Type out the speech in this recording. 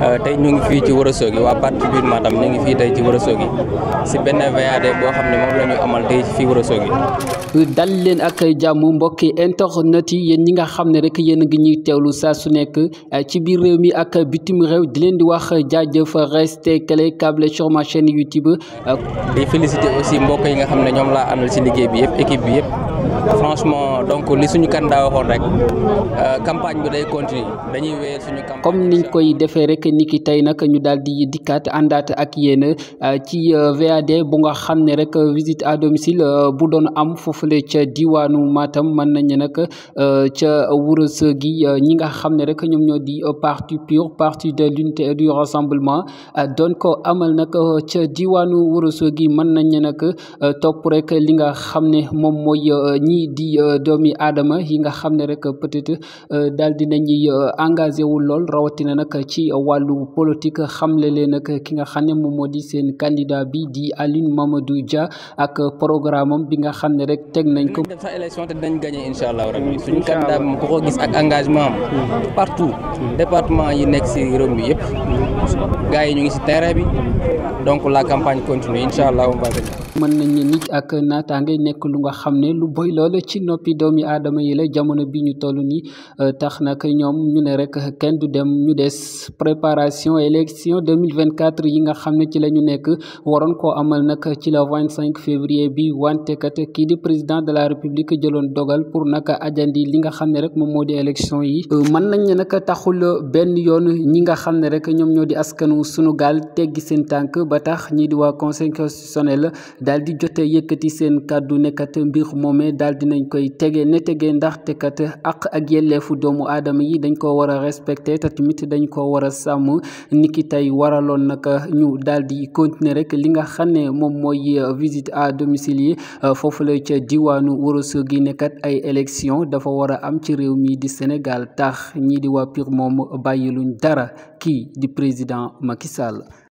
Euh, tey ñu ngi fii ci Ourossogui waa parti biir Matam ñu ngi fii tey ci Ourossogui si benn VAD boo xam ne moom la amal tey fii Ourossogui. Euh, dal leen ak jàmm mbokki internet yi yéen ñi nga xam ne rek yéen a ngi ñuy teew lu saa su nekk euh, ci biir réew mi ak bitim réew di leen di wax jaajëf resté clé câble sur ma chaîne YouTube. di félicité aussi mbokk yi nga xam ne ñoom laa àndal si liggéey bi yëpp équipe bi yëpp. franchement donc li suñu candidat waxoon rek euh, campagne bi day continuer dañuy wéyal suñu campagne. comme niñ koy defee rek niki tey nag ñu daal di dikkaat àndaat ak yéen euh, ci euh, VAD bu nga xam ne rek visite à domicile bu doon am foofule ca diwaanu maatam mën nañu nag ca wurus gi ñi nga xam ne rek ñoom di parti pur parti de l'unité ca diwaanu wurus gi mën nañu nag topp rek li nga xam ne moom mooy. Euh, ñii di euh, doomi aadama yi nga xam ne rek peut-être euh, daal di nañuy engagé wu lool rawatina nag ci wàllu politique xamle leen nag ki nga xam ne moom moo di seen candidat bi di Aline Mamadou Dia ak programme am bi nga xam ne rek teg nañ ko. def sax élection te dañ gagné incha allah rabbi suñu candidat moom ku ko gis ak engagement am partout département yi nekk si réew mi yëpp gars ngi si terrain bi donc la campagne continue incha allah. mën nañ nit ak naataange nekk lu boy lool ci noppi doomi aadama yi la jamono bi ñu toll nii euh, tax nag ñoom ñu ne rek kenn du dem ñu des préparation élection 2024 yi nga xam ne ci la ñu nekk waroon ko amal nag ci la 25 février bi wante kat kii di président de la république jëloon dogal pour nag ajandi li nga xam ne rek moom moo di élection yi euh, man nañ ne nag taxul benn yoon ñi nga xam ne rek ñoom ñoo di askanu sunu gaal teggi seen tànk ba tax ñii di waa conseil constitutionnel daal di jote ne daal dinañ koy tege ne tege ndaxte kat àq ak yelleefu doomu aadama yi dañ ko war a respecté te tamit dañ ko war a sàmm niki tey waraloon naka ñu daal di continuer rek li nga xam ne moom mooy visite à domicile yi foofu la ca diwaanu Ourossogui nekkat ay élection dafa war a am ci réew mi di Sénégal tax ñii di waa PUR moom bàyyiluñ dara kii di président Macky